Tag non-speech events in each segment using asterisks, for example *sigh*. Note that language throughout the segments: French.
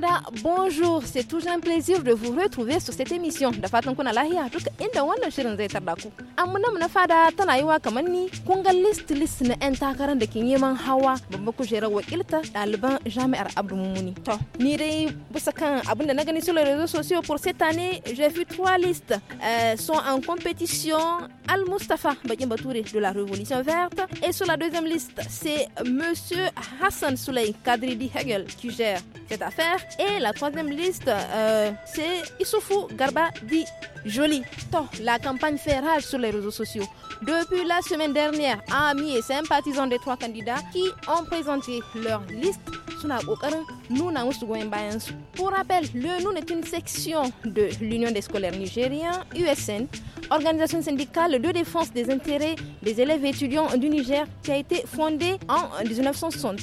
fada, bonjour. C'est toujours un plaisir de vous retrouver sur cette émission. Da fatan kuna lahiya duka inda wannan shirin zai tarda ku. Amuna mu na fada tana yiwa kaman ni kun ga list list na yan takarar da ke neman hawa babban kujerar wakilta ɗaliban jami'ar Abdul Mumuni. To, ni dai bisa kan abinda na gani sur les réseaux sociaux pour cette année, j'ai vu trois listes euh, sont en compétition Al Mustafa Bakim Batouré de la Révolution verte et sur la deuxième liste, c'est monsieur Hassan Souley Kadridi Hegel qui gère cette affaire et la troisième liste, euh, c'est Issoufou Garba Di Joli. la campagne fait rage sur les réseaux sociaux. Depuis la semaine dernière, amis et sympathisants des trois candidats qui ont présenté leur liste pour rappel, le Noun est une section de l'Union des scolaires nigériens, USN, organisation syndicale de défense des intérêts des élèves et étudiants du Niger qui a été fondée en 1960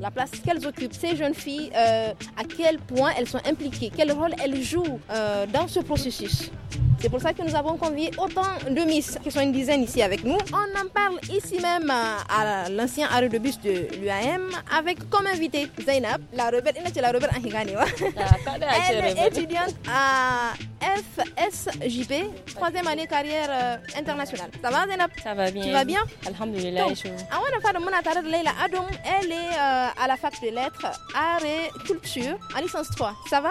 la place qu'elles occupent ces jeunes filles euh, à quel point elles sont impliquées quel rôle elles jouent euh, dans ce processus c'est pour ça que nous avons convié autant de Miss, qui sont une dizaine ici avec nous. On en parle ici même à l'ancien arrêt de bus de l'UAM avec comme invité Zainab, la rebelle, la rebelle ah, Elle est étudiante à FSJP, troisième année carrière euh, internationale. Ça va Zainab Ça va bien. Tu vas bien Alhamdulillah. Elle est euh, à la fac de lettres, art et culture, en licence 3. Ça va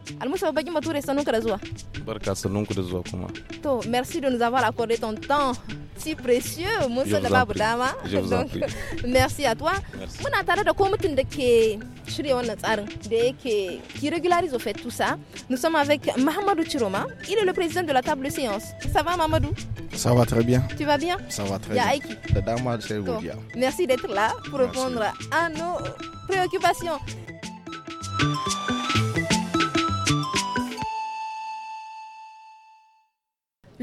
Almoussa Babaki Matoure, Sanouk Razoua. Barka Sanouk Razoua Kuma. To, merci de nous avoir accordé ton temps si précieux, Moussa Dababou Dama. Je vous en prie. *laughs* merci à toi. Merci. Mon attardé de commettre de que wannan tsarin da yake qui régularise au fait tout ça. Nous sommes avec Mahamadou Chiroma. Il est le président de la table de séance. Ça va Mahamadou Ça va très bien. Tu vas bien Ça va très bien. Aiki. bien. Merci d'être là pour répondre merci. à nos préoccupations.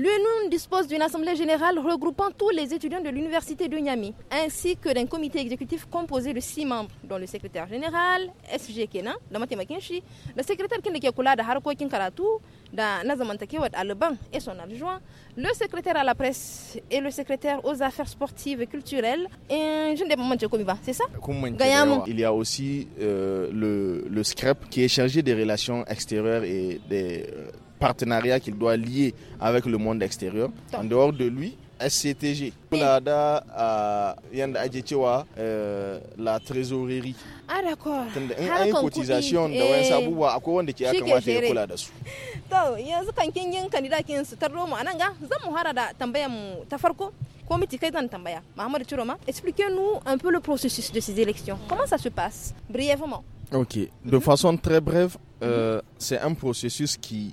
L'UNUN dispose d'une assemblée générale regroupant tous les étudiants de l'université de Niamey, ainsi que d'un comité exécutif composé de six membres, dont le secrétaire général, SG Kenan, le secrétaire qui de Kinkaratu, karatu, da et son adjoint, le secrétaire à la presse et le secrétaire aux affaires sportives et culturelles, et je ne sais pas comment c'est ça Il y a aussi euh, le, le SCREP qui est chargé des relations extérieures et des euh, partenariat qu'il doit lier avec le monde extérieur. En dehors de lui, SCTG. Là, da euh, yanda ake cewa euh, la trésorerie. Ah d'accord. Tunda in an yi cotisation eh, *laughs* da wayan sabuwa akwai wanda ke aka kamata ya kula da su. To yanzu kan kin yin kandidat kin su tarro mu anan ga zan mu hara da tambayar mu ta farko. Komiti kai zan tambaya. Mahamadu Chiroma, expliquez-nous un peu le processus de ces élections. Comment ça se passe brièvement Ok, de mhm. façon très brève, euh, c'est un processus qui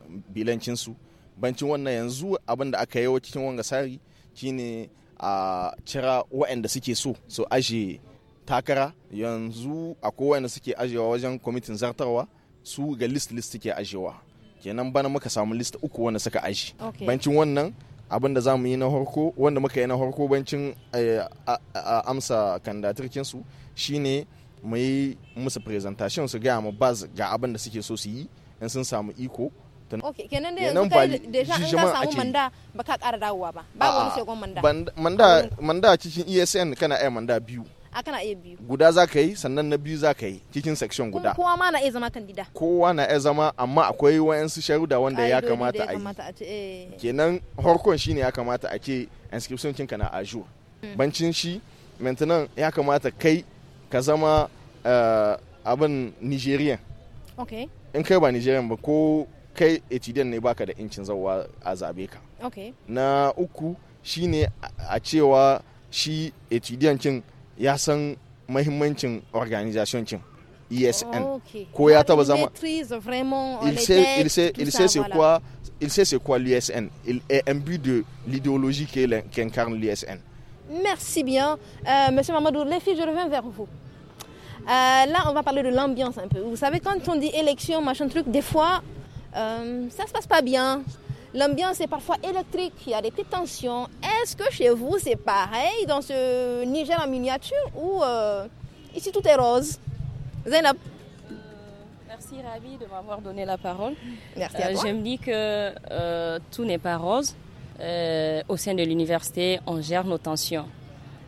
bilancinsu bancin wannan yanzu abin da aka yi cikin wanga sari shine a cira waɗanda suke so su aje takara yanzu akwai waɗanda suke ajewa wajen kwamitin zartarwa su ga list list suke ajewa kenan bana muka samu list uku wanda suka aje bancin wannan abin da za mu yi na harko wanda muka yi na harko bancin eh, amsa kandatarkin su shine mu yi musu presentation su gaya mu baz ga abin da suke so su yi in sun samu iko ok kenan da yanzu kai deja an ka samu manda ba ka kara dawowa ba ba wani shagon manda manda manda cikin esn kana iya manda biyu a kana iya biyu guda za ka yi sannan na biyu za ka yi cikin section guda kowa ma na iya zama kandida kowa na iya zama amma akwai wayansu sharuda wanda ya kamata a yi eh. kenan horkon shi ne ya kamata a ce inscription kinka na ajo mm. bancin shi maintenant ya kamata kai ka zama eh, abin nigerian in kai ba nigerian ba ko kai etidiyan ne baka da incin zauwa a zabe ka na uku shine a cewa shi etidiyan cin ya san mahimmancin organization cin ESN ko ya taba zama il sait il sait il sait c'est quoi il sait c'est quoi l'ISN il est imbu de l'idéologie qu'incarne l'ISN Merci bien. Euh, Monsieur Mamadou, les filles, je reviens vers vous. Euh, là, on va parler de l'ambiance un peu. Vous savez, quand on dit élection, machin truc, des fois, ça euh, ça se passe pas bien. L'ambiance est parfois électrique, il y a des petites tensions. Est-ce que chez vous c'est pareil dans ce Niger en miniature ou euh, ici tout est rose Zainab euh, Merci Ravi de m'avoir donné la parole. Merci à toi. je me dis que tout n'est pas rose. au sein de l'université, on gère nos tensions.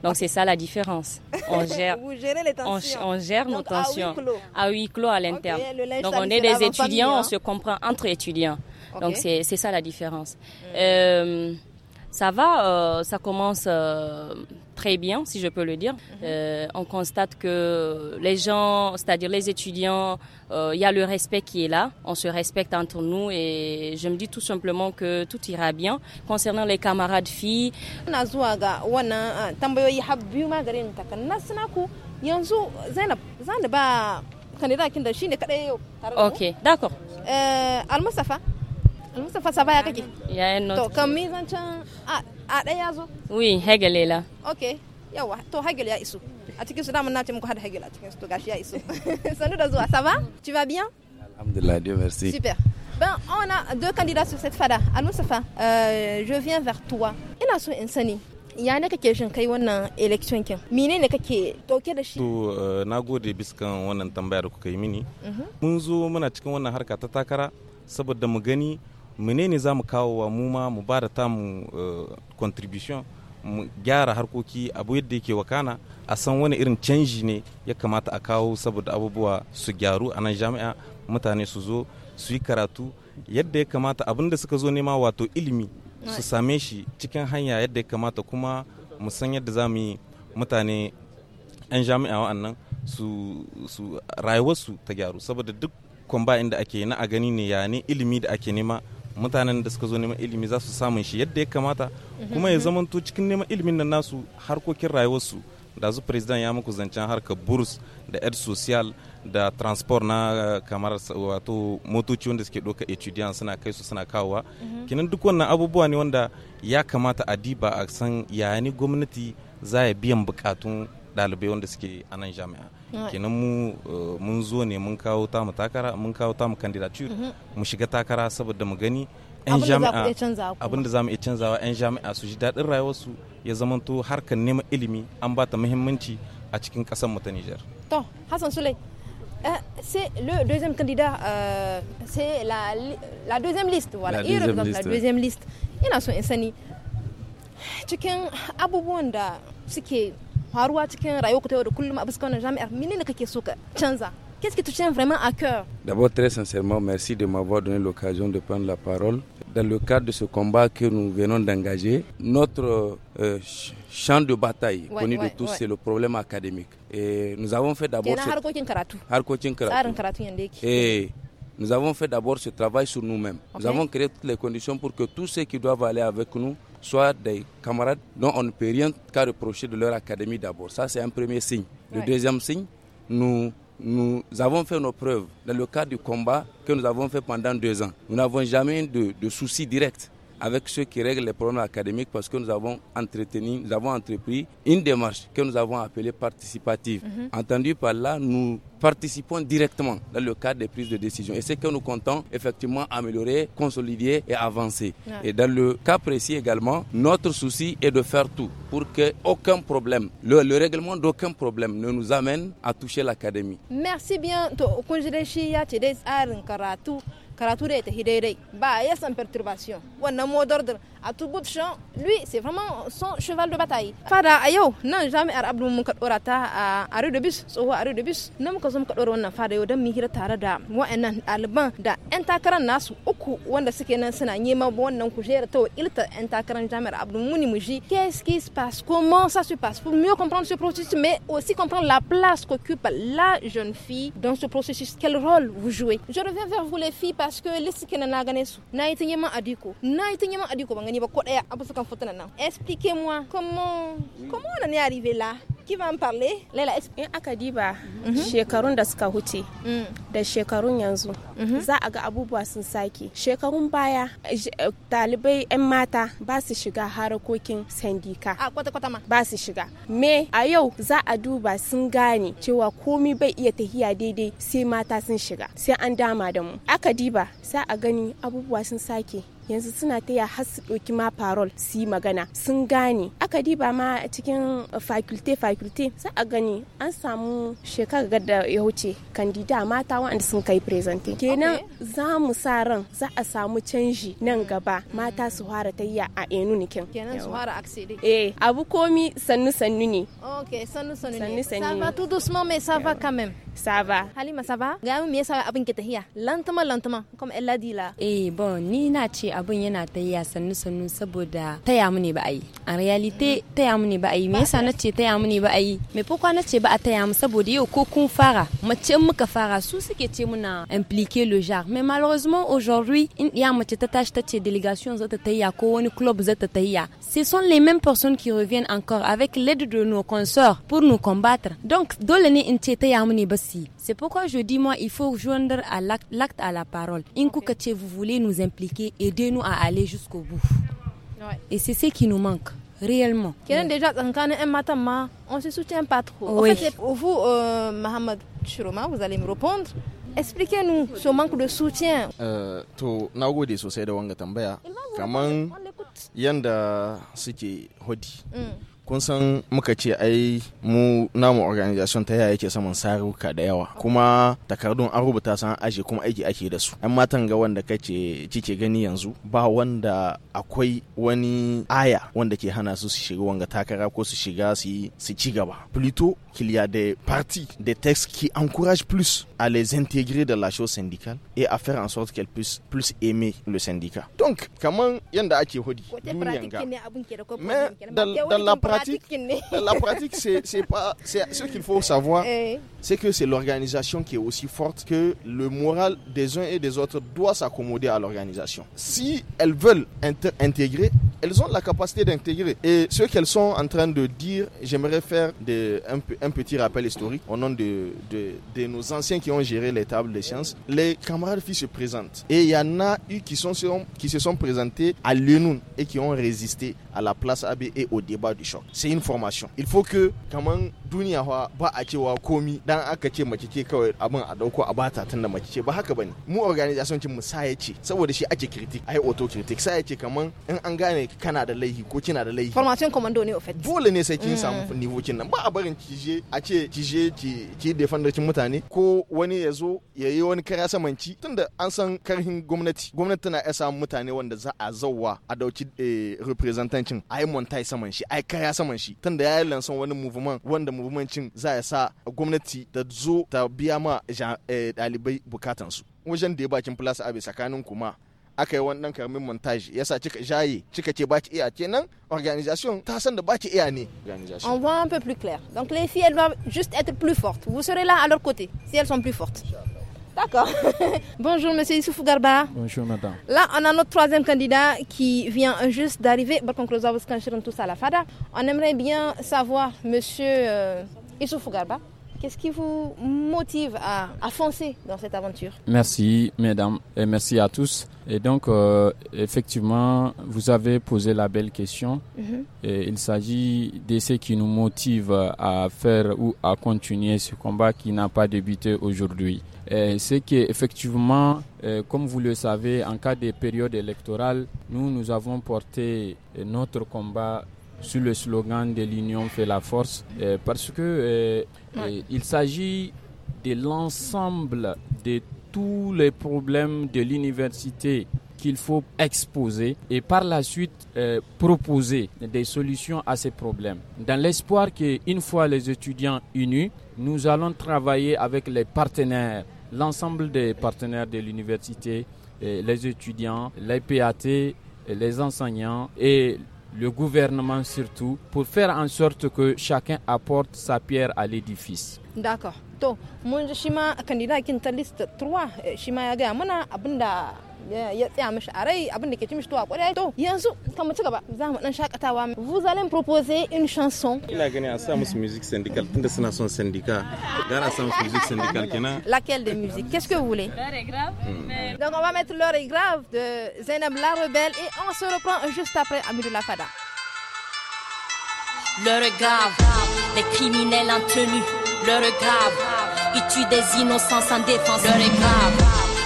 Donc c'est ça la différence. On *laughs* gère, Vous tensions. On, gère nos tensions à huis clos à, huis l'interne. Donc on est des étudiants, on hein. se comprend entre étudiants. Donc c'est ça la différence. Mm. Euh, ça va, euh, ça commence. Euh, très bien, si je peux le dire. Mhm. Euh, on constate que les gens, c'est-à-dire les étudiants, euh, il y a le respect qui est là. On se respecte entre nous et je me dis tout simplement que tout ira bien. Concernant les camarades filles, Ok, d'accord. Euh, Mustafa Saba ya kake? Ya yi To kan mizan can a ɗaya ya zo? Wi, Hegel la. Okay. yawa to Hegel ya iso a cikin su da mun nace muku hada Hegel a cikin su to gashi ya iso *laughs* sanu da zuwa ça va tu vas bien alhamdulillah Dieu merci super ben on a deux candidats sur cette fada al Mustafa euh, je viens vers toi ina so in sani ya ne kake shin kai wannan election kin mine ne kake dauke da shi to euh, na gode biskan wannan tambaya da kuka yi mini mhm. mun zo muna cikin wannan harka ta takara saboda mu gani menene za mu kawo wa mu ma mu ba da ta mu eh, contribution mu gyara harkoki abu yadda yake wakana a san wani irin canji ne ya kamata a kawo saboda abubuwa su gyaru a nan jami'a mutane su zo su yi karatu yadda ya kamata abin da suka zo nema wato ilimi su same shi cikin hanya yadda ya kamata kuma mu san yadda za mu yi mutane 'yan jami'a wa'annan su rayuwarsu ta gyaru saboda duk kwamba inda ake na a gani ne ya ne ilimi da ake nema mutanen da suka zo neman ilimi za su samu shi yadda ya kamata kuma ya mhm. zamanto cikin neman ilimin nan nasu harkokin rayuwarsu da su president ya muku zancen harkar burs da ed social da transport na eh, kamar wato motoci wanda suke doka etudiant suna kai su suna kawowa mhm. kinan duk wannan abubuwa ne wanda ya kamata a diba a san yaya ne gwamnati za ya biyan bukatun ɗalibai wanda suke a nan jami'a kenan mu eh, mun zo ne mun kawo tamu takara mun kawo tamu candidature mm-hmm. mu shiga takara saboda mu gani yan jami'a abin da zamu mu iya canzawa yan jami'a su ji daɗin rayuwarsu ya zamanto harkar neman ilimi an ba ta muhimmanci a cikin kasar mu ta Nijar. To, Hassan Sule eh, c'est le deuxième candidat, euh, c'est la, la deuxième liste, voilà, il deuxième représente la deuxième liste. Ina so in sani cikin abubuwan da suke Qu'est-ce qui te tient vraiment à cœur D'abord, très sincèrement, merci de m'avoir donné l'occasion de prendre la parole. Dans le cadre de ce combat que nous venons d'engager, notre euh, champ de bataille connu de tous, c'est le problème académique. Et nous avons fait d'abord ce... nous avons fait d'abord ce travail sur nous-mêmes. Nous avons créé toutes les conditions pour que tous ceux qui doivent aller avec nous soit des camarades dont on ne peut rien qu'à reprocher de leur académie d'abord. Ça, c'est un premier signe. Le deuxième signe, nous, nous avons fait nos preuves dans le cadre du combat que nous avons fait pendant deux ans. Nous n'avons jamais eu de, de soucis directs avec ceux qui règlent les problèmes académiques parce que nous avons entretenu, nous avons entrepris une démarche que nous avons appelée participative. Mhm. Entendu par là, nous participons directement dans le cadre des prises de décision. Et c'est que nous comptons effectivement améliorer, consolider et avancer. Et dans le cas précis également, notre souci est de faire tout pour que aucun problème, le, règlement d'aucun problème ne nous amène à toucher l'académie. Merci bien. karatu da ya tafi daidai ba a yasan perturbation wannan modar a tout bout de champ lui c'est vraiment son cheval de bataille fada ayo, non jamais. jami'ar abdu mun ka dora ta a are da bis tsoho are na bis nan muka zo muka dora wannan Tara, yau dan mu hira tare da wa'annan ɗaliban da ce takarar nasu uku wanda suke nan suna neman wannan kujera ta wakilta yan takarar jami'ar abdu qu'est-ce qui se passe comment ça se passe pour mieux comprendre ce processus mais aussi comprendre la place qu'occupe la jeune fille dans ce processus quel rôle vous jouez je reviens vers vous les filles parce que les sikena na ganesu na ma adiko na yi ma adiko expliquez moi comment comment on en est arrivé là Qui va in aka diba shekarun da suka huce mm. da shekarun yanzu mm-hmm. za a ga abubuwa sun sake. Shekarun baya talibai eh, 'yan mata ba su shiga harakokin sandika. A ah, kwata-kwata ma. Ba su shiga. Me a yau za a duba sun gane cewa komi bai iya tahiya daidai sai mata sun shiga sai an dama da mu. Aka diba za a gani abubuwa sun sake yanzu suna taya har su ɗauki ma parol su yi magana sun gane aka diba ma cikin eh, faculty faculty sai a gani an samu shekara da ya wuce kandida mata waɗanda sun kai firezanti kenan za mu sa ran za a samu canji nan gaba mata su fara tayya a enu nikin kenan su fara eh abu komi sannu sannu ne okay sannu sannu ne sannu va tout sannu mais ça ça va. Halima, ça va Ga me sa abin ke tahiya? Lantama lantama comme elle l'a dit là. Eh bon, ni na ce abin yana tahiya sannu sannu saboda taya mu ne ba ai. En réalité, taya mu ne ba ai. Me yasa na ce taya mu ne ba ai? Me pourquoi na ce ba a taya mu saboda yau ko kun fara, mace muka fara su suke ce muna impliquer le genre. Mais malheureusement aujourd'hui, in ya mace ta tashi ta ce délégation za ta tahiya ko wani club zata ta tahiya. Ce sont les mêmes personnes qui reviennent encore avec l'aide de nos consorts pour nous combattre. Donc dole ne in ce taya mu ne ba c'est pourquoi je dis, moi, il faut joindre à l'acte à la parole. Inkoukatché, vous voulez nous impliquer, aidez-nous à aller jusqu'au bout. Et c'est ce qui nous manque réellement. Quelqu'un déjà un on se soutient pas trop. vous, euh, Mohamed Chiroma, vous allez me répondre. Expliquez-nous ce manque de soutien. Euh, to na wanga tambaya yanda hodi. Mm kun san muka ce ai mu namu organization ta yake saman saruka da yawa kuma takardun an rubuta san aje kuma aiki ake da su an matan ga wanda kace kike gani yanzu ba wanda akwai wani aya wanda ke hana su su shiga wanga takara ko su shiga su su ci gaba plutôt qu'il y a des partis des textes qui encouragent plus à les intégrer dans la chose syndicale et à faire en sorte qu'elles puissent plus aimer le syndicat donc kaman yanda ake hodi mais dans la *laughs* la pratique, c'est pas, ce qu'il faut savoir, eh. c'est que c'est l'organisation qui est aussi forte que le moral des uns et des autres doit s'accommoder à l'organisation. Si elles veulent intégrer, elles ont la capacité d'intégrer. Et ce qu'elles sont en train de dire, j'aimerais faire de, un, petit rappel historique au nom de, de, nos anciens qui ont géré les tables de sciences. Les camarades filles se présentent. Et il y en a eu qui, sont, qui se sont présentés à l'UNUN et qui ont résisté à la place AB et au débat du choc c'est une formation. Il faut que, comment duniya fa ba a cewa komi dan aka ce mace ce kawai abin a dauko a bata tun da mace ce ba haka bane mu organization mu saye ce saboda shi ake critique ai auto critique saye ce kaman in an gane kana da laihi ko kina da laihi formation commando ne ofet dole ne sai kin mm. samu nivo kin nan ba a barin kije a ce kije ki ki defendercin mutane ko wani ya zo ya yi wani kara samanci tunda an san karhin gwamnati gwamnati tana iya samun mutane wanda za a zauwa a dauki eh, representancin ai montai saman shi ai kara saman shi tunda ya yi lansan wani movement wanda on voit un peu plus clair donc les filles elles doivent juste être plus fortes vous serez là à leur côté si elles sont plus fortes D'accord. *laughs* Bonjour, monsieur Issoufou Garba. Bonjour, madame. Là, on a notre troisième candidat qui vient juste d'arriver. On aimerait bien savoir, monsieur euh, Issoufou Garba, qu'est-ce qui vous motive à, foncer dans cette aventure Merci, mesdames, et merci à tous. Et donc, euh, effectivement, vous avez posé la belle question. Mhm. il s'agit de ce qui nous motive à faire ou à continuer ce combat qui n'a pas débuté aujourd'hui. Euh, c'est qu'effectivement, euh, comme vous le savez, en cas de période électorale, nous, nous avons porté euh, notre combat sur le slogan de l'union fait la force, parce que il s'agit de l'ensemble de tous les problèmes de l'université qu'il faut exposer et par la suite proposer des solutions à ces problèmes. Dans l'espoir qu'une fois les étudiants unis, nous allons travailler avec les partenaires l'ensemble des partenaires de l'université, eh, les étudiants, les PAT, eh, les enseignants et le gouvernement surtout, pour faire en sorte que chacun apporte sa pierre à l'édifice. D'accord. Donc, candidat liste 3 ya vous allez me proposer une chanson laquelle de musique qu'est-ce que vous voulez l'heure est grave hmm. donc on va mettre l'heure est grave de Zainab la rebelle et on se reprend juste après Amis de la l'heure est grave les criminels en tenue l'heure est grave ils tuent des innocents sans défense l'heure est grave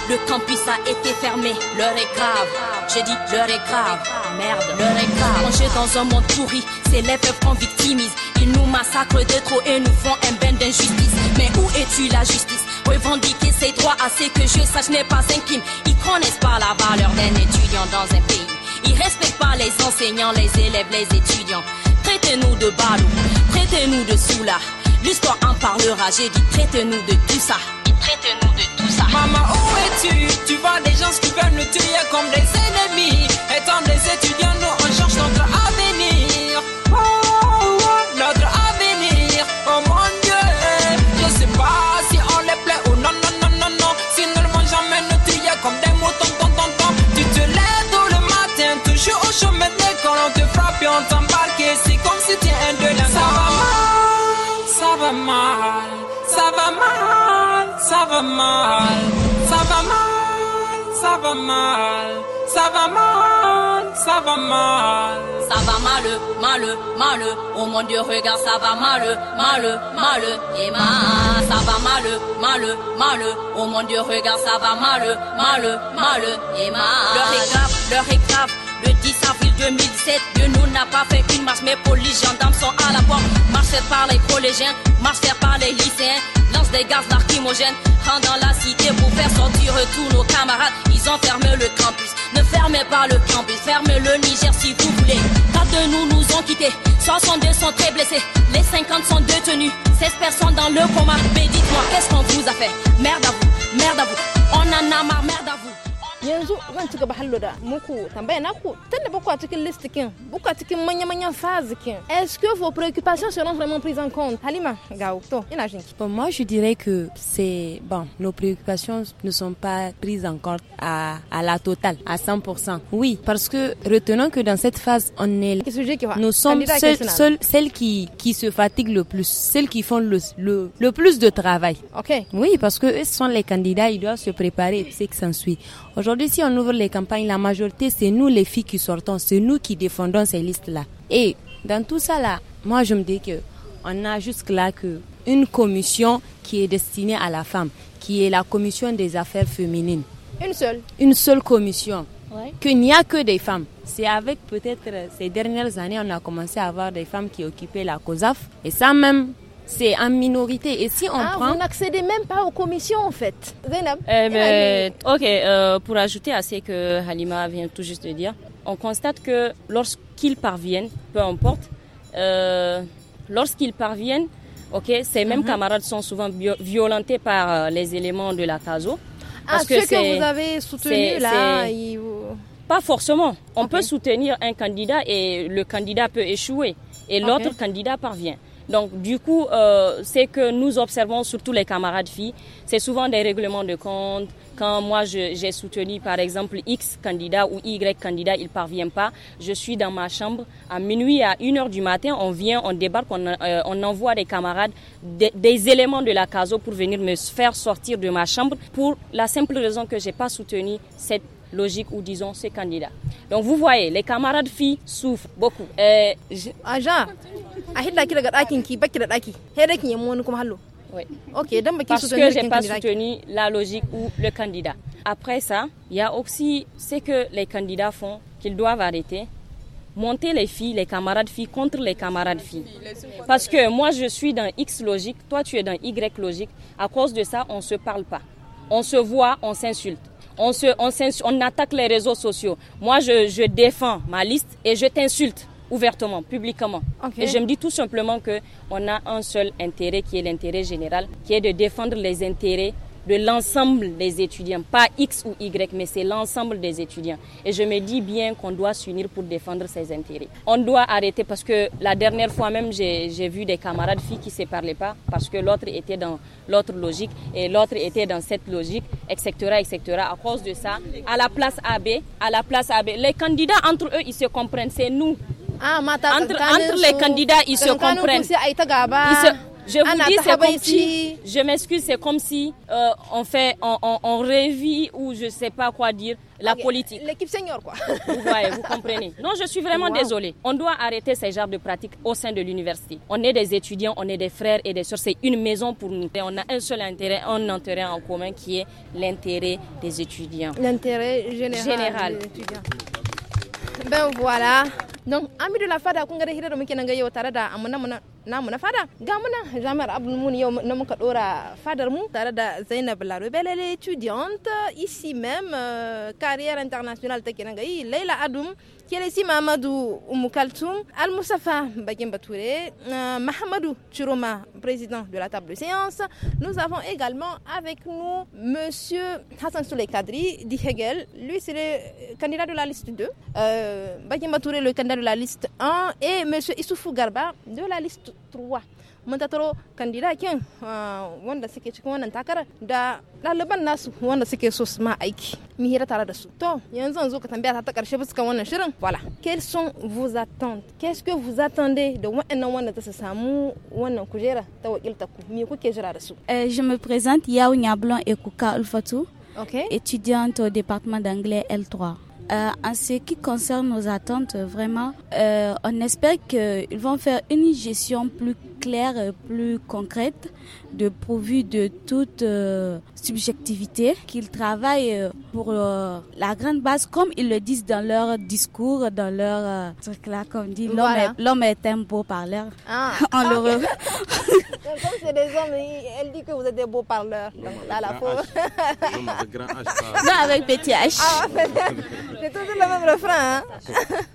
le campus a été fermé, l'heure est grave. J'ai dit l'heure est grave, ah, merde, l'heure est grave. Plongé dans un monde pourri, c'est les peuples qu'on victimise. Ils nous massacrent de trop et nous font un bain d'injustice. Mais où es-tu la justice Revendiquer ses droits à ce que je sache n'est pas un crime. Ils connaissent pas la valeur d'un étudiant dans un pays. Ils respectent pas les enseignants, les élèves, les étudiants. Traitez-nous de balou, traitez-nous de soula. L'histoire en parlera, j'ai dit traitez-nous de tout ça nous de tout ça. Maman, où es-tu Tu vois des gens qui veulent nous tuer comme des ennemis. Étant des étudiants, nous on cherche ça va mal, ça va mal, ça va mal, ça va mal. Ça va mal, mal, mal, oh mon Dieu, regarde, ça va mal, mal, mal, et mal. Ça va mal, mal, mal, oh mon Dieu, regarde, ça va mal, mal, mal, et mal. Le récap, le le 10 avril 2017, Dieu nous n'a pas fait une marche, mais police, gendarmes sont à la porte. Marche par les collégiens, marche faite par les lycéens. Lance des gaz lacrymogènes, rentre dans la cité pour faire sortir tous nos camarades. Ils ont fermé le campus, ne fermez pas le campus, fermez le Niger si vous voulez. Quatre de nous nous ont quittés, 62 sont très blessés, les 50 sont détenus, 16 personnes dans le coma. Mais dites-moi, qu'est-ce qu'on vous a fait Merde à vous, merde à vous, on en a marre, merde à vous est-ce que vos préoccupations seront vraiment prises en compte Halima moi je dirais que c'est bon nos préoccupations ne sont pas prises en compte à, la totale à 100% oui parce que retenons que dans cette phase on est nous sommes celles qui qui se fatiguent le plus celles qui font le le, plus de travail OK oui parce que ce sont les candidats ils doivent se préparer c'est que s'en suit Aujourd'hui, si on ouvre les campagnes, la majorité, c'est nous les filles qui sortons, c'est nous qui défendons ces listes-là. Et dans tout ça, là, moi, je me dis que on a jusque-là une commission qui est destinée à la femme, qui est la commission des affaires féminines. Une seule Une seule commission. Ouais. Qu'il n'y a que des femmes. C'est avec peut-être ces dernières années, on a commencé à avoir des femmes qui occupaient la COSAF. Et ça même, c'est en minorité. Et si on ah, prend... Vous n'accédez même pas aux commissions, en fait. Euh, ben, ok, euh, pour ajouter à ce que Halima vient tout juste de dire, on constate que lorsqu'ils parviennent, peu importe, euh, lorsqu'ils parviennent, ok, ces mêmes mhm. camarades sont souvent violentés par les éléments de la CASO. Ah, Parce ah, que, que vous avez soutenu là Pas forcément. On peut soutenir un candidat et le candidat peut échouer et l'autre candidat parvient. Donc du coup, euh, c'est que nous observons surtout les camarades filles, c'est souvent des règlements de compte. Quand moi j'ai soutenu par exemple X candidat ou Y candidat, il parvient pas. Je suis dans ma chambre à minuit à 1h du matin, on vient, on débarque, on, euh, on envoie des camarades des, éléments de la CASO pour venir me faire sortir de ma chambre pour la simple raison que j'ai pas soutenu cette logique ou disons ces candidats. Donc vous voyez, les camarades filles souffrent beaucoup. Euh, je... Oui. Okay, Parce que n'ai pas soutenu la logique ou le candidat. Après ça, il y a aussi ce que les candidats font, qu'ils doivent arrêter, monter les filles, les camarades filles contre les camarades filles. Parce que moi je suis dans X logique, toi tu es dans Y logique. À cause de ça, on se parle pas. On se voit, on s'insulte on, se, on attaque les réseaux sociaux. Moi, je, défends ma liste et je t'insulte ouvertement, publiquement. Et je me dis tout simplement qu'on a un seul intérêt qui est l'intérêt général, qui est de défendre les intérêts de l'ensemble des étudiants, pas X ou Y, mais c'est l'ensemble des étudiants. Et je me dis bien qu'on doit s'unir pour défendre ses intérêts. On doit arrêter parce que la dernière fois même, j'ai vu des camarades filles qui ne se parlaient pas parce que l'autre était dans l'autre logique et l'autre était dans cette logique, etc., etc. À cause de ça, à la place AB, à la place AB, les candidats entre eux, ils se comprennent. C'est nous. Ah, entre, les candidats, ils se comprennent. Je vous dis, c'est comme si, je m'excuse, c'est comme si euh, on fait, on, ou je sais pas quoi dire la politique. L'équipe senior, quoi. vous voyez, vous comprenez. Non, je suis vraiment désolée. On doit arrêter ces genres de pratiques au sein de l'université. On est des étudiants, on est des frères et des sœurs. C'est une maison pour nous. on a un seul intérêt, un intérêt en commun qui est l'intérêt des étudiants. L'intérêt général, des étudiants. Ben voilà. Donc, Ami de la FADA, namu na fada ga muna jami'ar abdulmun yau na muka dora fadar mu tare da zainab larobel elle étudiante ici même euh, carrière internationale take nan ga yi adum ici mahamadou Oumoukaltoum, al Moussafa Bakim euh, Mahamadou Chiroma, président de la table de séance. Nous avons également avec nous monsieur Hassan Souley Kadri Hegel. Lui, c'est le candidat de la liste 2. Euh, le candidat de la liste 1. Et monsieur Issoufou Garba de la liste 3 mun tattaro kandida kin ah, wanda suke cikin wannan takarar da ɗaliban nasu wanda suke so su ma aiki mu hira tare da su to yanzu zo ka tambaya ta ta karshe fuskan wannan shirin wala quels sont vos attentes qu'est-ce que vous attendez da waɗannan wanda ta samu wannan kujera ta wakilta ku me kuke jira da su eh, je me présente Yao Nyablon et Kuka Ulfatou okay. étudiante au département d'anglais L3 euh, en ce qui concerne nos attentes, vraiment, euh, on espère qu'ils vont faire une gestion plus claire, euh, plus concrète, de pourvu de toute euh, subjectivité, qu'ils travaillent euh, pour la grande base, comme ils le disent dans leur discours, dans leur trucs truc-là, comme dit, l'homme est, un beau parleur. Ah, *laughs* ah. On comme c'est des hommes, elle dit que vous êtes des beaux parleurs. la Non, avec petit H. Ah, c'est toujours le même refrain.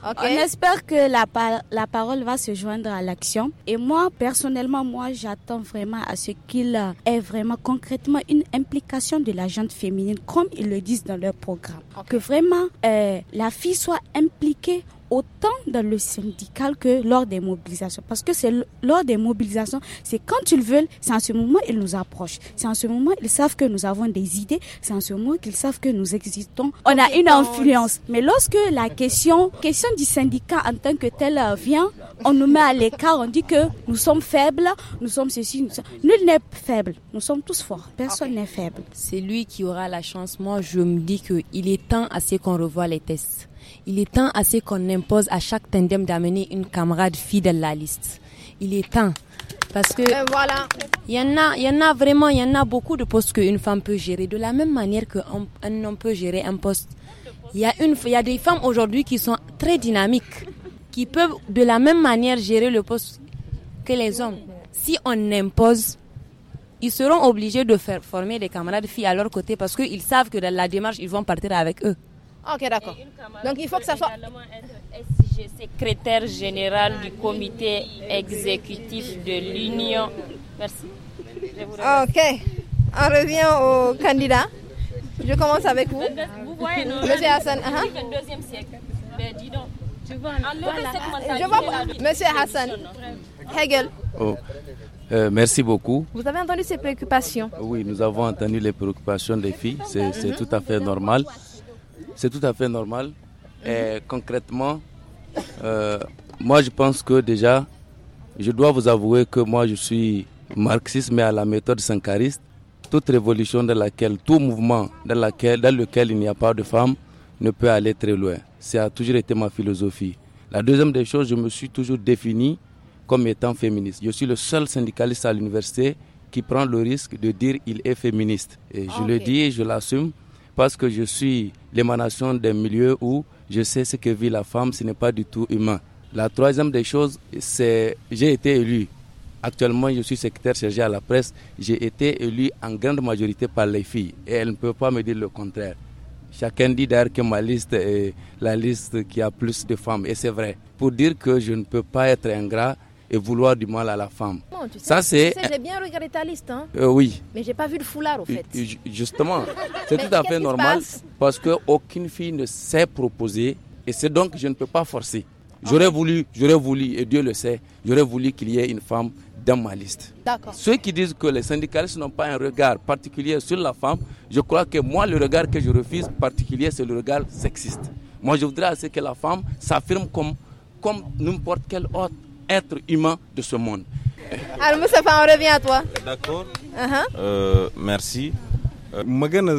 Hein. On espère que la, la parole va se joindre à l'action. Et moi, personnellement, Personnellement, moi, j'attends vraiment à ce qu'il y euh, ait vraiment concrètement une implication de la gente féminine, comme ils le disent dans leur programme. Que vraiment euh, la fille soit impliquée autant dans le syndical que lors des mobilisations. Parce que c'est lors des mobilisations, c'est quand ils veulent, c'est en ce moment qu'ils nous approchent. C'est en ce moment ils savent que nous avons des idées. C'est en ce moment qu'ils savent que nous existons. On a une influence. Mais lorsque la question, question du syndicat en tant que tel euh, vient, on nous met à l'écart. On dit que nous sommes faibles, nous sommes ceci, nous Nul n'est faible. Nous sommes tous forts. Personne n'est faible. C'est lui qui aura la chance. Moi, je me dis qu'il est temps à ce qu'on revoie les tests il est temps à ce qu'on impose à chaque tandem d'amener une camarade fidèle à la liste. Il est temps. Parce que voilà. il y en a, y en a vraiment, il y en a beaucoup de postes qu'une femme peut gérer, de la même manière qu'un homme peut gérer un poste. Il y a des femmes aujourd'hui qui sont très dynamiques, qui peuvent de la même manière gérer le poste que les hommes. Si on impose, ils seront obligés de faire former des camarades filles à leur côté parce qu'ils savent que dans la démarche, ils vont partir avec eux. Ok, d'accord. Donc il faut que ça soit. SG, secrétaire général du comité exécutif de l'Union. Merci. Ok, on revient au candidat. Je commence avec vous. Euh, Monsieur Hassan. Uh Monsieur Hassan. Hegel. Oh. Euh, merci beaucoup. Vous avez entendu ces préoccupations Oui, nous avons entendu les préoccupations des filles. C'est tout à fait normal c'est tout à fait normal. Et concrètement, euh, moi je pense que déjà, je dois vous avouer que moi je suis marxiste, mais à la méthode sankariste. Toute révolution dans laquelle, tout mouvement dans, laquelle, lequel il n'y a pas de femmes ne peut aller très loin. Ça a toujours été ma philosophie. La deuxième des choses, je me suis toujours défini comme étant féministe. Je suis le seul syndicaliste à l'université qui prend le risque de dire il est féministe. Et je le dis et je l'assume parce que je suis l'émanation d'un milieu où je sais ce que vit la femme, ce n'est pas du tout humain. La troisième des choses, c'est j'ai été élu. Actuellement, je suis secrétaire chargé à la presse. J'ai été élu en grande majorité par les filles et elles ne peut pas me dire le contraire. Chacun dit d'ailleurs que ma liste est la liste qui a plus de femmes et c'est vrai. Pour dire que je ne peux pas être ingrat, et vouloir du mal à la femme. ça c'est. j'ai bien regardé ta liste, hein. Euh, oui. Mais j'ai pas vu le foulard au fait. Justement, *laughs* c'est tout à fait normal parce que aucune fille ne s'est proposée et c'est donc je ne peux pas forcer. J'aurais voulu, j'aurais voulu, et Dieu le sait, j'aurais voulu qu'il y ait une femme dans ma liste. D'accord. Ceux qui disent que les syndicalistes n'ont pas un regard particulier sur la femme, je crois que moi, le regard que je refuse particulier, c'est le regard sexiste. Moi, je voudrais assez que la femme s'affirme comme, comme n'importe quel autre être humain de ce monde. al on revient à toi. D'accord. Uh -huh. euh, merci. Euh, magana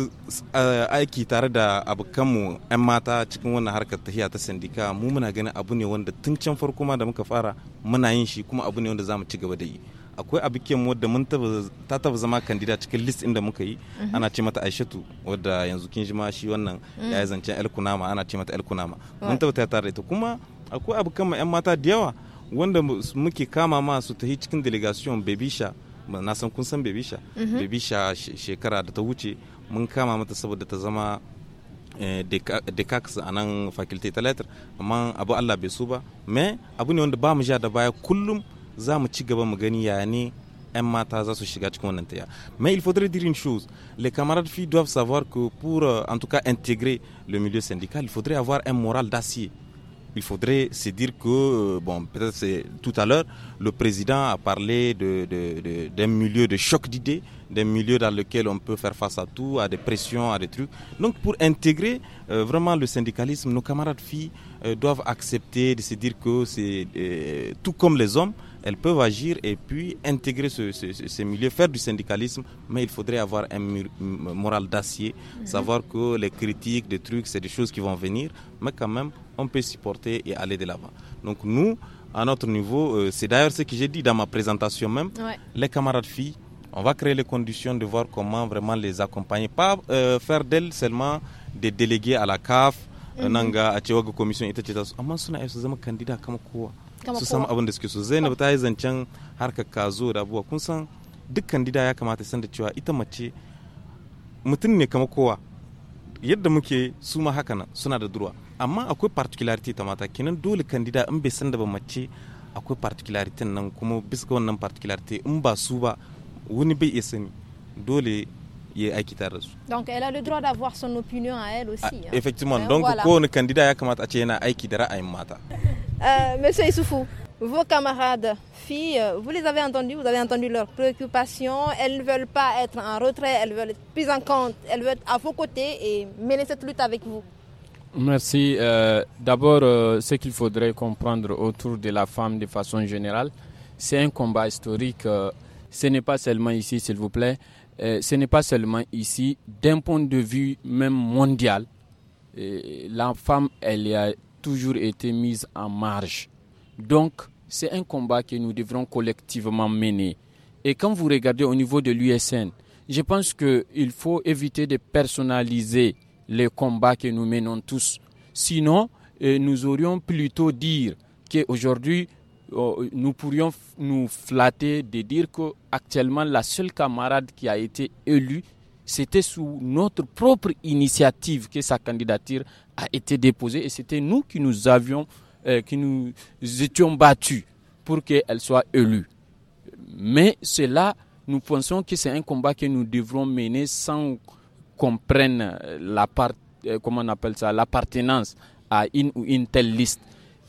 euh, aiki tare da abokanmu 'yan mata cikin wannan harkar tahiya ta sandika mu muna ganin abu ne wanda tun can farko ma da muka fara muna yin shi kuma abu ne wanda za mu ci gaba da yi akwai abokin mu wadda mun ta taba zama kandida cikin list inda muka yi uh-huh. ana ce mata aishatu wadda yanzu kin ma shi wannan mm. ya yi zancen el kunama ana ce mata el kunama mun taba ta tare 'yan mata da yawa wanda muke kama masu su tafi cikin delegation bebisha na san kun san bebisha mhm. bebisha shekara da ta wuce mun kama mata saboda ta zama eh, dekak a nan faculty ta letter amma abu allah bai so ba me abu ne wanda ba mu ja da baya kullum za mu ci gaba mu gani ya ne 'yan mata za su shiga cikin wannan taya mais il faudrait dire une chose les camarades filles doivent savoir que pour euh, en tout cas intégrer le milieu syndical il faudrait avoir un moral d'acier il faudrait se dire que, euh, bon, peut-être c'est tout à l'heure, le président a parlé d'un milieu de choc d'idées, d'un milieu dans lequel on peut faire face à tout, à des pressions, à des trucs. Donc pour intégrer euh, vraiment le syndicalisme, nos camarades filles euh, doivent accepter de se dire que c'est tout comme les hommes, elles peuvent agir et puis intégrer ce, milieu, faire du syndicalisme, mais il faudrait avoir un moral d'acier, mhm. savoir que les critiques, des trucs, c'est des choses qui vont venir, mais quand même, on peut s'y porter et aller de l'avant. Donc nous, à notre niveau, euh, c'est d'ailleurs ce que j'ai dit dans ma présentation même, les camarades filles, on va créer les conditions de voir comment vraiment les accompagner, pas euh, faire d'elles seulement des délégués à la CAF, à la commission etc. Comment su san abin da suke so zainab ta yi zancen harkar kazo da abuwa kun san dukkan dida ya kamata san da cewa ita mace mutum ne kama kowa yadda muke su ma haka nan suna da durwa amma akwai particularity ta mata kenan dole kandida in bai san da ba mace akwai particularity nan kuma bisa wannan particularity in ba su ba wani bai iya sani dole donc elle a le droit d'avoir son opinion à elle aussi hein. ah, effectivement hein, donc pour le candidat a euh, monsieur Issoufou vos camarades filles, euh, vous les avez entendues, vous avez entendu leurs préoccupations. Elles ne veulent pas être en retrait, elles veulent être prises en compte, elles veulent être à vos côtés et mener cette lutte avec vous. Merci. Euh, d'abord, ce qu'il faudrait comprendre autour de la femme de façon générale, c'est un combat historique. ce n'est pas seulement ici, s'il vous plaît. Euh, ce n'est pas seulement ici, d'un point de vue même mondial, euh, la femme, elle a toujours été mise en marge. Donc, c'est un combat que nous devrons collectivement mener. Et quand vous regardez au niveau de l'USN, je pense qu'il faut éviter de personnaliser les combats que nous menons tous. Sinon, euh, nous aurions plutôt dire qu'aujourd'hui, euh, nous pourrions nous flatter de dire que actuellement la seule camarade qui a été élue, c'était sous notre propre initiative que sa candidature a été déposée et c'était nous qui nous avions, euh, qui nous étions battus pour qu'elle soit élue. Mais cela, nous pensons que c'est un combat que nous devrons mener sans qu'on prenne euh, la part, on appelle ça, l'appartenance à une ou une telle liste.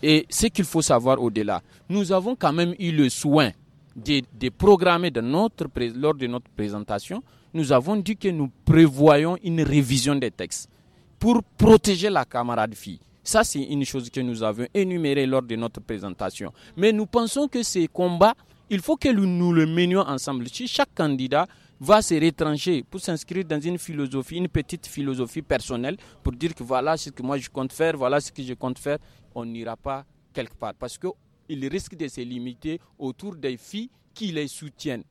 Et ce qu'il faut savoir au-delà, nous avons quand même eu le soin de, programmer de notre, lors de notre présentation, nous avons dit que nous prévoyons une révision des textes pour protéger la camarade fille. Ça, c'est une chose que nous avons énumérée lors de notre présentation. Mais nous pensons que ces combats, il faut que nous le menions ensemble. Si chaque candidat va se rétranger pour s'inscrire dans une philosophie, une petite philosophie personnelle pour dire que voilà ce que moi je compte faire, voilà ce que je compte faire, on n'ira pas quelque part parce qu'il risque de se limiter autour des filles qui les soutiennent.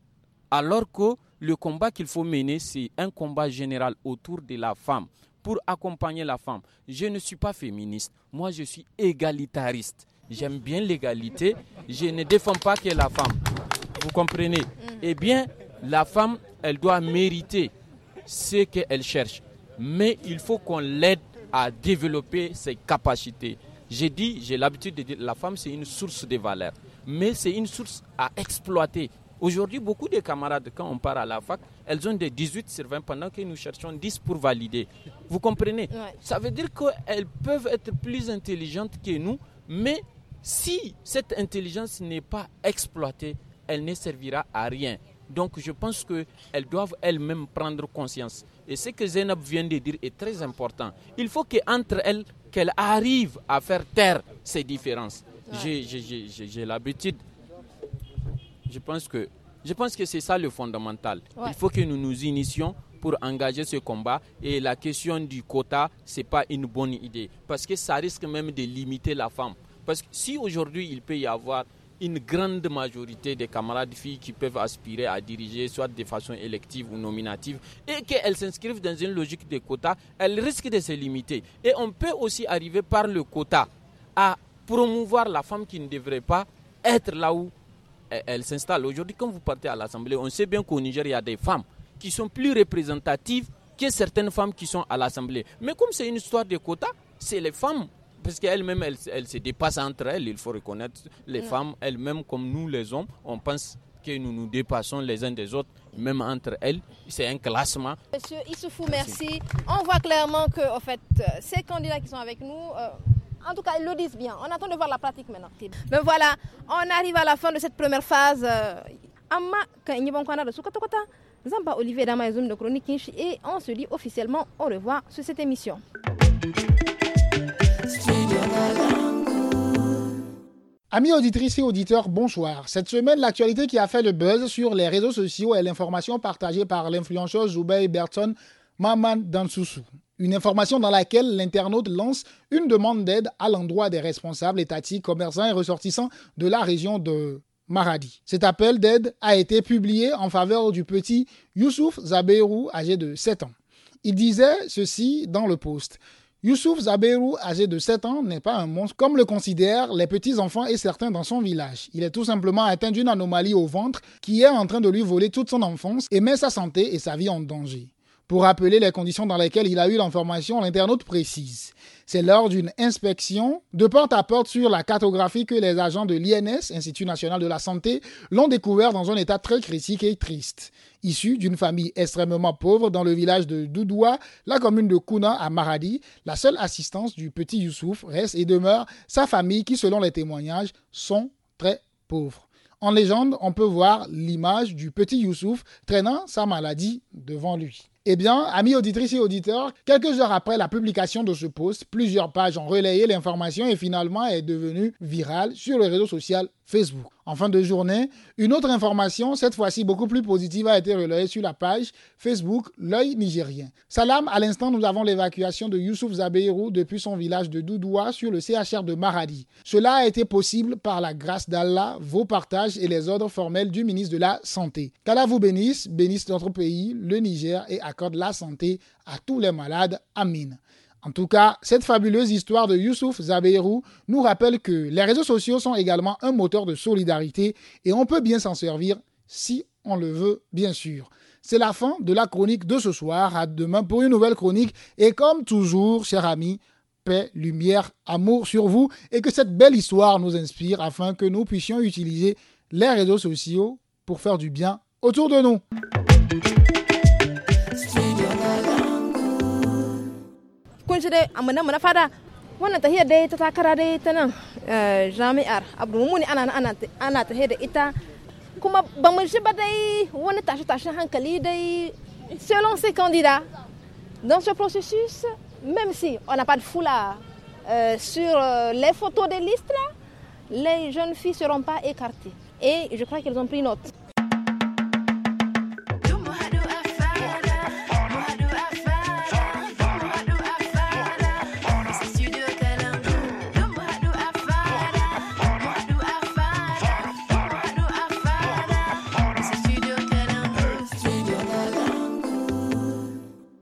Alors que le combat qu'il faut mener, c'est un combat général autour de la femme, pour accompagner la femme. Je ne suis pas féministe, moi je suis égalitariste. J'aime bien l'égalité, je ne défends pas que la femme. Vous comprenez mm. Eh bien, la femme, elle doit mériter ce qu'elle cherche. Mais il faut qu'on l'aide à développer ses capacités. J'ai dit, j'ai l'habitude de dire, la femme, c'est une source de valeur. Mais c'est une source à exploiter. Aujourd'hui, beaucoup de camarades, quand on part à la fac, elles ont des 18 sur 20 pendant que nous cherchons 10 pour valider. Vous comprenez Ça veut dire qu'elles peuvent être plus intelligentes que nous, mais si cette intelligence n'est pas exploitée, elle ne servira à rien. Donc je pense qu'elles doivent elles-mêmes prendre conscience. Et ce que Zainab vient de dire est très important. Il faut qu'entre elles, qu'elles arrivent à faire taire ces différences. J'ai l'habitude. Je pense que, je pense que c'est ça le fondamental. Il faut que nous nous initions pour engager ce combat. Et la question du quota, ce n'est pas une bonne idée. Parce que ça risque même de limiter la femme. Parce que si aujourd'hui il peut y avoir une grande majorité des camarades filles qui peuvent aspirer à diriger, soit de façon élective ou nominative, et qu'elles s'inscrivent dans une logique de quotas, elles risquent de se limiter. Et on peut aussi arriver par le quota à promouvoir la femme qui ne devrait pas être là où eh, elle s'installe. Aujourd'hui, quand vous partez à l'Assemblée, on sait bien qu'au Niger, il y a des femmes qui sont plus représentatives que certaines femmes qui sont à l'Assemblée. Mais comme c'est une histoire de quotas, c'est les femmes parce qu'elles-mêmes, elles, se dépassent entre elles. Il faut reconnaître les mm. femmes, elles-mêmes, comme nous les hommes, on pense que nous nous dépassons les uns des autres, même entre elles. C'est un classement. Monsieur Issoufou, merci. On voit clairement que, en fait, euh, ces candidats qui sont avec nous, euh, en tout cas, ils le disent bien. On attend de voir la pratique maintenant. Mais voilà, on arrive à la fin de cette première phase. Euh, de Chronique et on se dit officiellement au revoir sur cette émission. Amis auditrices et auditeurs, bonsoir. Cette semaine, l'actualité qui a fait le buzz sur les réseaux sociaux est l'information partagée par l'influenceuse Zubey Berton Maman Dansoussou. Une information dans laquelle l'internaute lance une demande d'aide à l'endroit des responsables étatiques, commerçants et ressortissants de la région de Maradi. Cet appel d'aide a été publié en faveur du petit Youssouf Zabeirou, âgé de 7 ans. Il disait ceci dans le poste. Youssouf Zaberou, âgé de 7 ans, n'est pas un monstre comme le considèrent les petits-enfants et certains dans son village. Il est tout simplement atteint d'une anomalie au ventre qui est en train de lui voler toute son enfance et met sa santé et sa vie en danger. Pour rappeler les conditions dans lesquelles il a eu l'information, l'internaute précise c'est lors d'une inspection de porte à porte sur la cartographie que les agents de l'INS, Institut national de la santé, l'ont découvert dans un état très critique et triste. Issu d'une famille extrêmement pauvre dans le village de Doudoua, la commune de Kouna à Maradi, la seule assistance du petit Youssouf reste et demeure sa famille qui, selon les témoignages, sont très pauvres. En légende, on peut voir l'image du petit Youssouf traînant sa maladie devant lui. Eh bien, amis auditrices et auditeurs, quelques heures après la publication de ce post, plusieurs pages ont relayé l'information et finalement est devenue virale sur le réseau social Facebook. En fin de journée, une autre information, cette fois-ci beaucoup plus positive, a été relayée sur la page Facebook L'œil nigérien. Salam, à l'instant, nous avons l'évacuation de Youssouf Zabeirou depuis son village de Doudoua sur le CHR de Maradi. Cela a été possible par la grâce d'Allah, vos partages et les ordres formels du ministre de la Santé. Qu'Allah vous bénisse, bénisse notre pays, le Niger et à accorde la santé à tous les malades. Amin. En tout cas, cette fabuleuse histoire de Youssouf Zabeirou nous rappelle que les réseaux sociaux sont également un moteur de solidarité et on peut bien s'en servir si on le veut, bien sûr. C'est la fin de la chronique de ce soir. À demain pour une nouvelle chronique. Et comme toujours, chers amis, paix, lumière, amour sur vous et que cette belle histoire nous inspire afin que nous puissions utiliser les réseaux sociaux pour faire du bien autour de nous. kun shi dai amma fada wannan tahiyar dai ta takara dai ta nan eh, jami'ar abu mu ne ana ana ana tahiyar da ita kuma ba mu shi ba dai wani tashi tashin hankali dai selon ces candidats dans ce processus même si on n'a pas de foulard euh, sur euh, les photos des listes là, les jeunes filles seront pas écartées et je crois qu'elles ont pris note